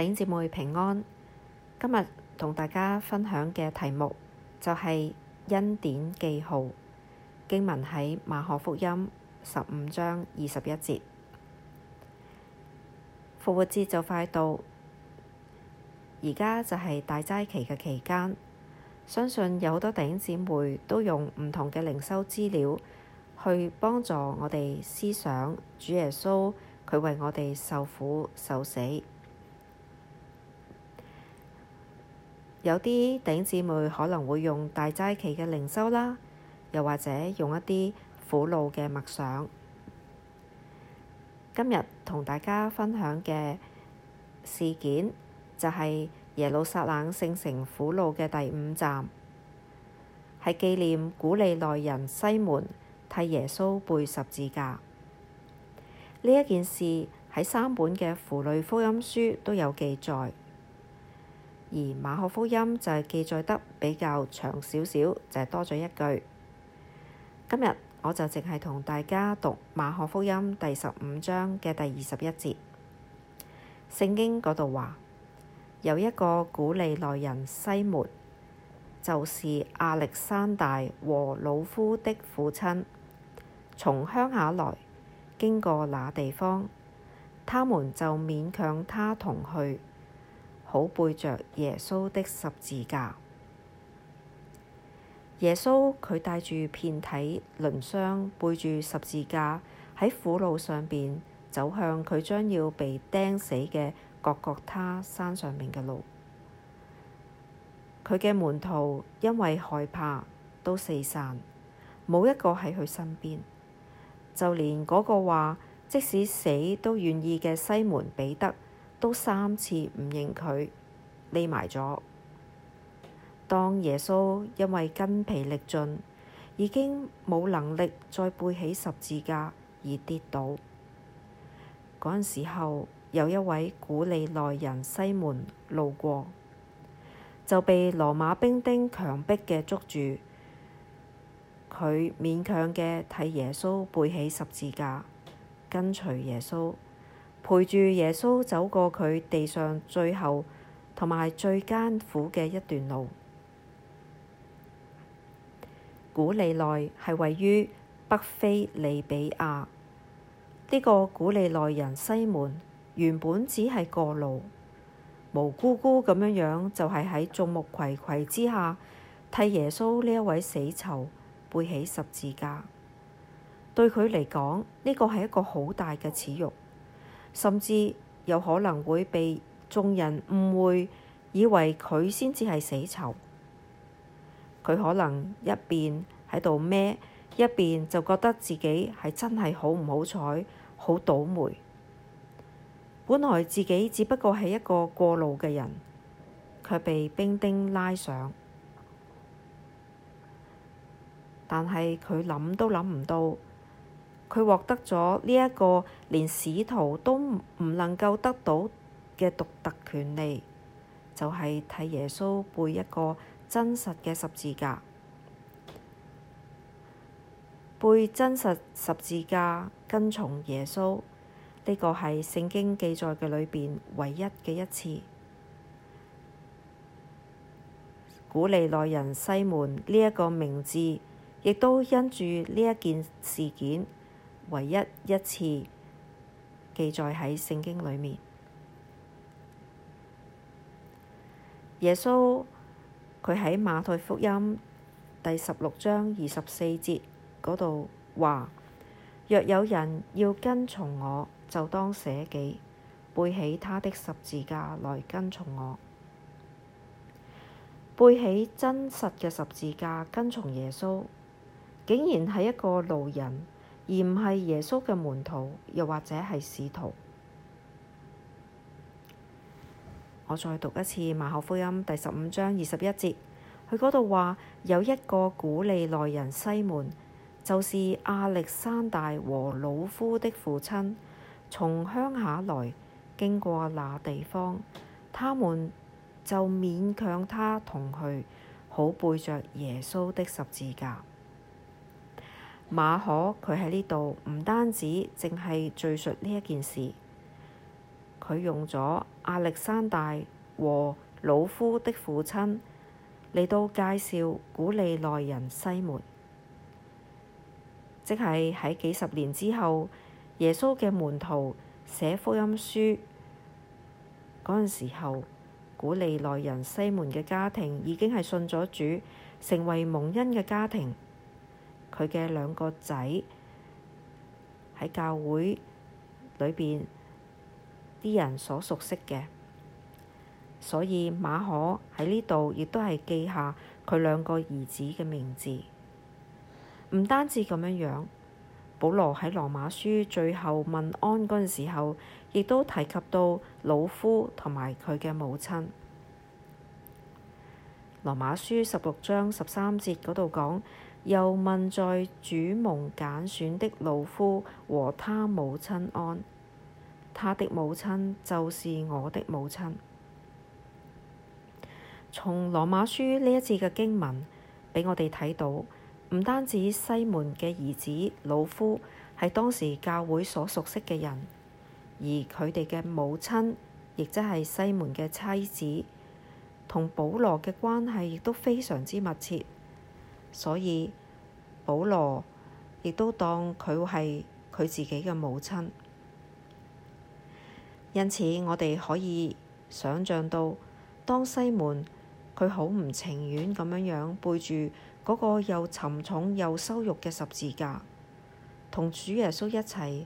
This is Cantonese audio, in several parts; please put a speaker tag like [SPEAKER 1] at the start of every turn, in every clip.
[SPEAKER 1] 弟兄姊妹平安，今日同大家分享嘅題目就係、是、恩典記號，經文喺馬可福音十五章二十一節。復活節就快到，而家就係大齋期嘅期間，相信有好多弟兄姊妹都用唔同嘅靈修資料去幫助我哋思想主耶穌，佢為我哋受苦受死。有啲頂姊妹可能會用大齋期嘅靈修啦，又或者用一啲苦路嘅默想。今日同大家分享嘅事件就係耶路撒冷聖城苦路嘅第五站，係紀念古利奈人西門替耶穌背十字架。呢一件事喺三本嘅符類福音書都有記載。而馬可福音就係記載得比較長少少，就係多咗一句。今日我就淨係同大家讀馬可福音第十五章嘅第二十一節。聖經嗰度話：有一個古利奈人西門，就是亞歷山大和魯孚的父親，從鄉下來經過那地方，他們就勉強他同去。好，背着耶穌的十字架，耶穌佢帶住遍體鱗傷，背住十字架喺苦路上邊走向佢將要被釘死嘅各各他山上面嘅路。佢嘅門徒因為害怕都四散，冇一個喺佢身邊，就連嗰個話即使死都願意嘅西門彼得，都三次唔認佢，匿埋咗。當耶穌因為筋疲力盡，已經冇能力再背起十字架而跌倒，嗰陣時候有一位古利奈人西門路過，就被羅馬兵丁強迫嘅捉住，佢勉強嘅替耶穌背起十字架，跟隨耶穌。陪住耶穌走過佢地上最後同埋最艱苦嘅一段路。古利奈係位於北非利比亞，呢個古利奈人西門原本只係過路，無辜辜咁樣樣就係喺眾目睽睽之下替耶穌呢一位死囚背起十字架，對佢嚟講呢個係一個好大嘅恥辱。甚至有可能會被眾人誤會，以為佢先至係死囚。佢可能一邊喺度孭，一邊就覺得自己係真係好唔好彩，好倒霉。本來自己只不過係一個過路嘅人，卻被兵丁拉上。但係佢諗都諗唔到。佢獲得咗呢一個連使徒都唔能夠得到嘅獨特權利，就係替耶穌背一個真實嘅十字架，背真實十字架跟從耶穌。呢個係聖經記載嘅裏邊唯一嘅一次。古利奈人西門呢一個名字，亦都因住呢一件事件。唯一一次記載喺聖經裡面，耶穌佢喺馬太福音第十六章二十四節嗰度話：若有人要跟從我，就當捨己，背起他的十字架來跟從我。背起真實嘅十字架跟從耶穌，竟然係一個路人。而唔係耶穌嘅門徒，又或者係使徒。我再讀一次馬可福音第十五章二十一節，佢嗰度話有一個古利奈人西門，就是亞歷山大和魯孚的父親，從鄉下來經過那地方，他們就勉強他同去，好背著耶穌的十字架。馬可佢喺呢度唔單止淨係敘述呢一件事，佢用咗亞歷山大和魯孚的父親嚟到介紹古利奈人西門，即係喺幾十年之後，耶穌嘅門徒寫福音書嗰陣、那個、時候，古利奈人西門嘅家庭已經係信咗主，成為蒙恩嘅家庭。佢嘅兩個仔喺教會裏邊啲人所熟悉嘅，所以馬可喺呢度亦都係記下佢兩個兒子嘅名字。唔單止咁樣樣，保羅喺羅馬書最後問安嗰陣時候，亦都提及到魯孚同埋佢嘅母親。羅馬書十六章十三節嗰度講。又問在主蒙揀選的老夫和他母親安，他的母親就是我的母親。從羅馬書呢一次嘅經文畀我哋睇到，唔單止西門嘅兒子老夫係當時教會所熟悉嘅人，而佢哋嘅母親亦即係西門嘅妻子，同保羅嘅關係亦都非常之密切。所以，保羅亦都當佢係佢自己嘅母親，因此我哋可以想像到，當西門佢好唔情願咁樣樣背住嗰個又沉重又羞辱嘅十字架，同主耶穌一齊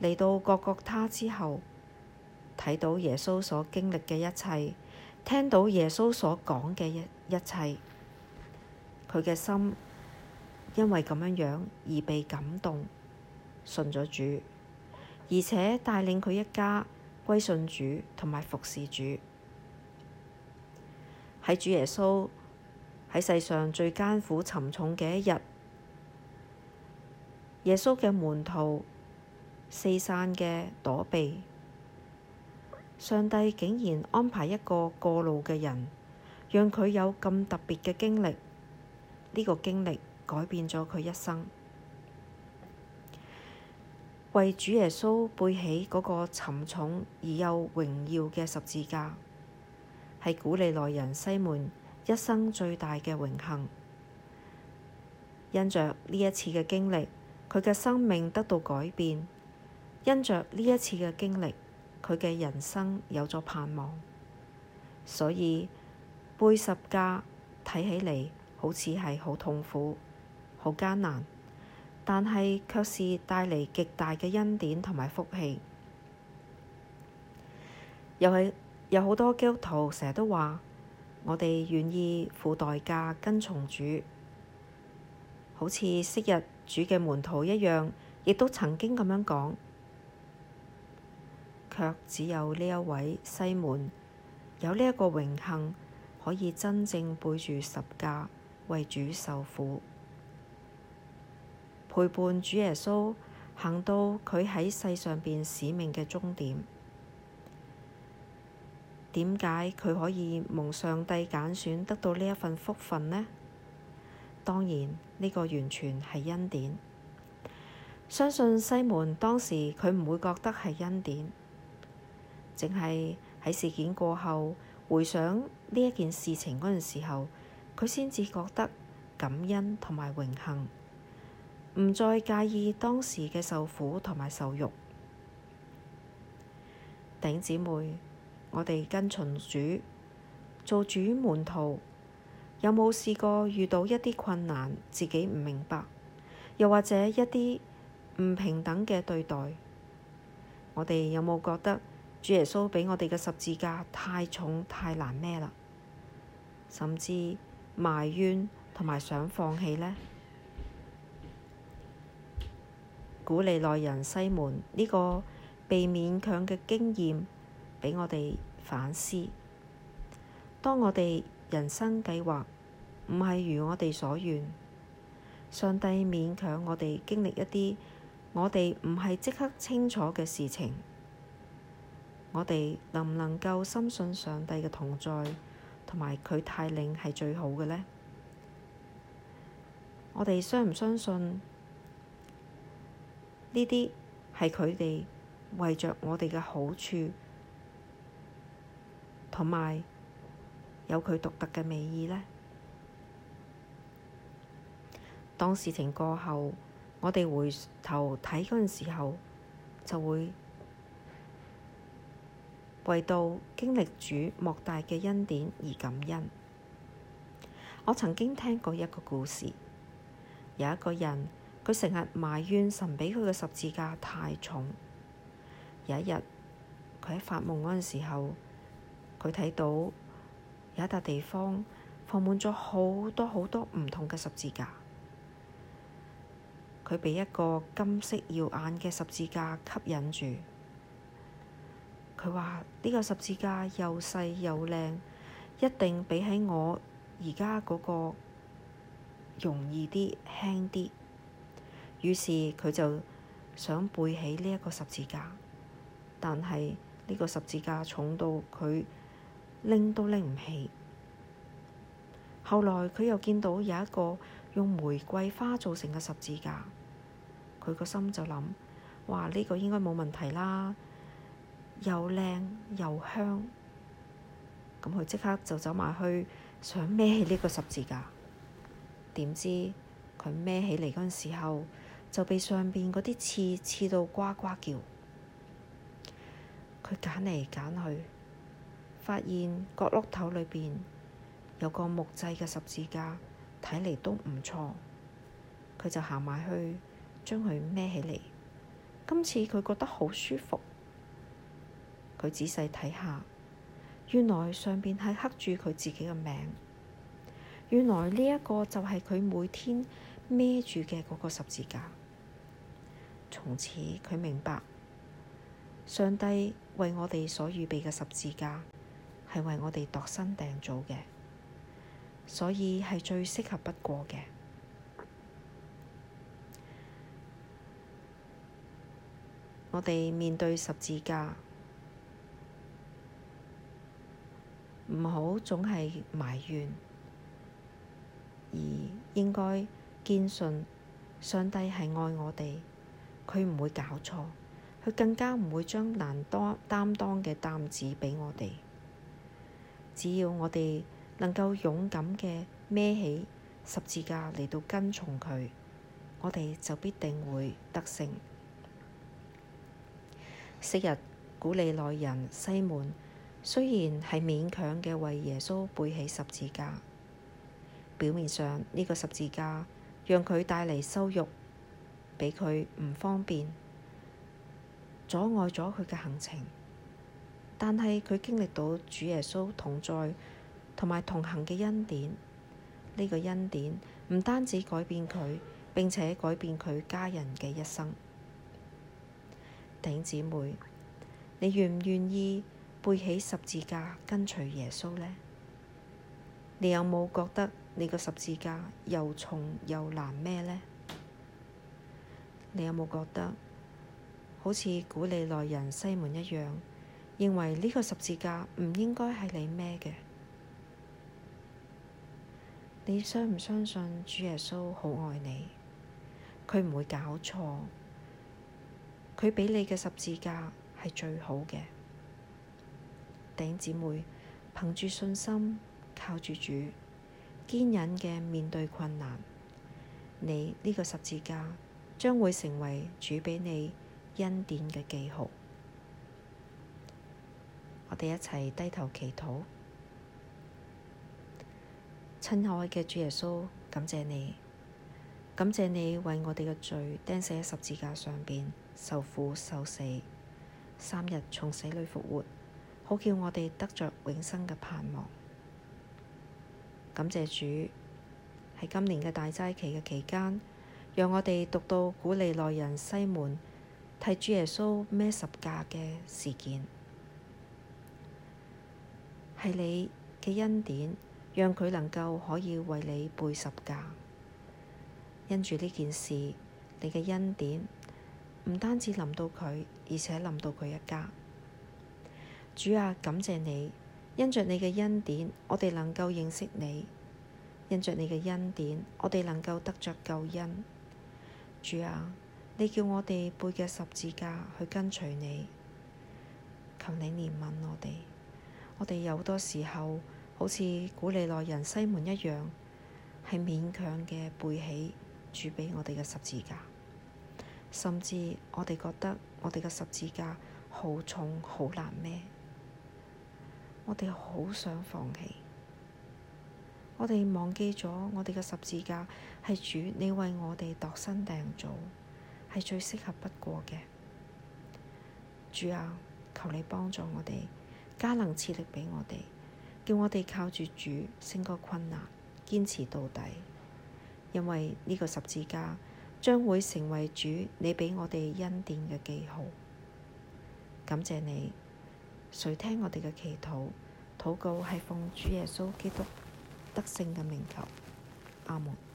[SPEAKER 1] 嚟到各各他之後，睇到耶穌所經歷嘅一切，聽到耶穌所講嘅一，一切。佢嘅心因為咁樣樣而被感動，信咗主，而且帶領佢一家歸信主同埋服侍主。喺主耶穌喺世上最艱苦沉重嘅一日，耶穌嘅門徒四散嘅躲避，上帝竟然安排一個過路嘅人，讓佢有咁特別嘅經歷。呢個經歷改變咗佢一生，為主耶穌背起嗰個沉重而又榮耀嘅十字架，係古利奈人西門一生最大嘅榮幸。因着呢一次嘅經歷，佢嘅生命得到改變；因着呢一次嘅經歷，佢嘅人生有咗盼望。所以背十架睇起嚟，好似係好痛苦、好艱難，但係卻是帶嚟極大嘅恩典同埋福氣。又係有好多基督徒成日都話：我哋願意付代價跟從主，好似昔日主嘅門徒一樣，亦都曾經咁樣講。卻只有呢一位西門有呢一個榮幸，可以真正背住十架。為主受苦，陪伴主耶穌行到佢喺世上邊使命嘅終點。點解佢可以蒙上帝揀選得到呢一份福分呢？當然，呢個完全係恩典。相信西門當時佢唔會覺得係恩典，淨係喺事件過後回想呢一件事情嗰陣時候。佢先至覺得感恩同埋榮幸，唔再介意當時嘅受苦同埋受辱。頂姊妹，我哋跟從主做主門徒，有冇試過遇到一啲困難，自己唔明白，又或者一啲唔平等嘅對待？我哋有冇覺得主耶穌畀我哋嘅十字架太重、太難孭喇？甚至埋怨同埋想放棄呢？古利奈人西門呢個被勉強嘅經驗，畀我哋反思。當我哋人生計劃唔係如我哋所願，上帝勉強我哋經歷一啲我哋唔係即刻清楚嘅事情，我哋能唔能夠深信上帝嘅同在？同埋佢帶領係最好嘅呢。我哋相唔相信呢啲係佢哋為着我哋嘅好處，同埋有佢獨特嘅美意呢？當事情過後，我哋回頭睇嗰陣時候，就會，為到經歷主莫大嘅恩典而感恩。我曾經聽過一個故事，有一個人，佢成日埋怨神畀佢嘅十字架太重。有一日，佢喺發夢嗰陣時候，佢睇到有一笪地方放滿咗好多好多唔同嘅十字架，佢被一個金色耀眼嘅十字架吸引住。佢話：呢個十字架又細又靚，一定比起我而家嗰個容易啲、輕啲。於是佢就想背起呢一個十字架，但係呢個十字架重到佢拎都拎唔起。後來佢又見到有一個用玫瑰花做成嘅十字架，佢個心就諗：哇！呢個應該冇問題啦。又靚又香，咁佢即刻就走埋去想孭起呢個十字架，點知佢孭起嚟嗰陣時候就被上邊嗰啲刺刺到呱呱叫。佢揀嚟揀去，發現角落頭裏邊有個木製嘅十字架，睇嚟都唔錯。佢就行埋去將佢孭起嚟，今次佢覺得好舒服。佢仔細睇下，原來上邊係刻住佢自己嘅名。原來呢一個就係佢每天孭住嘅嗰個十字架。從此佢明白，上帝為我哋所預備嘅十字架係為我哋度身訂造嘅，所以係最適合不過嘅。我哋面對十字架。唔好總係埋怨，而應該堅信上帝係愛我哋，佢唔會搞錯，佢更加唔會將難擔擔當嘅擔子畀我哋。只要我哋能夠勇敢嘅孭起十字架嚟到跟從佢，我哋就必定會得勝。昔日古利奈人西門。雖然係勉強嘅為耶穌背起十字架，表面上呢個十字架讓佢帶嚟羞辱，畀佢唔方便，阻礙咗佢嘅行程，但係佢經歷到主耶穌同在同埋同行嘅恩典，呢個恩典唔單止改變佢，並且改變佢家人嘅一生。頂姊妹，你願唔願意背起十字架跟隨耶穌呢？你有冇覺得你個十字架又重又難孭呢？你有冇覺得好似古利奈人西門一樣，認為呢個十字架唔應該係你孭嘅？你相唔相信主耶穌好愛你，佢唔會搞錯，佢俾你嘅十字架係最好嘅。頂姐妹，憑住信心，靠住主，堅忍嘅面對困難，你呢個十字架將會成為主畀你恩典嘅記號。我哋一齊低頭祈禱，親愛嘅主耶穌，感謝你，感謝你為我哋嘅罪釘死喺十字架上邊，受苦受死，三日從死裏復活。好叫我哋得着永生嘅盼望，感謝主，喺今年嘅大齋期嘅期間，讓我哋讀到古利奈人西門替主耶穌孭十架嘅事件，係你嘅恩典，讓佢能夠可以為你背十架，因住呢件事，你嘅恩典唔單止臨到佢，而且臨到佢一家。主啊，感謝你，因着你嘅恩典，我哋能夠認識你；因着你嘅恩典，我哋能夠得着救恩。主啊，你叫我哋背嘅十字架去跟隨你，求你憐憫我哋。我哋有好多時候好似古利奈人西門一樣，係勉強嘅背起主畀我哋嘅十字架，甚至我哋覺得我哋嘅十字架好重好難孭。我哋好想放棄，我哋忘記咗我哋嘅十字架係主，你為我哋度身訂造，係最適合不過嘅。主啊，求你幫助我哋，加能賜力畀我哋，叫我哋靠住主，勝過困難，堅持到底。因為呢個十字架將會成為主，你畀我哋恩典嘅記號。感謝你。誰聽我哋嘅祈禱，禱告係奉主耶穌基督得勝嘅名求，阿門。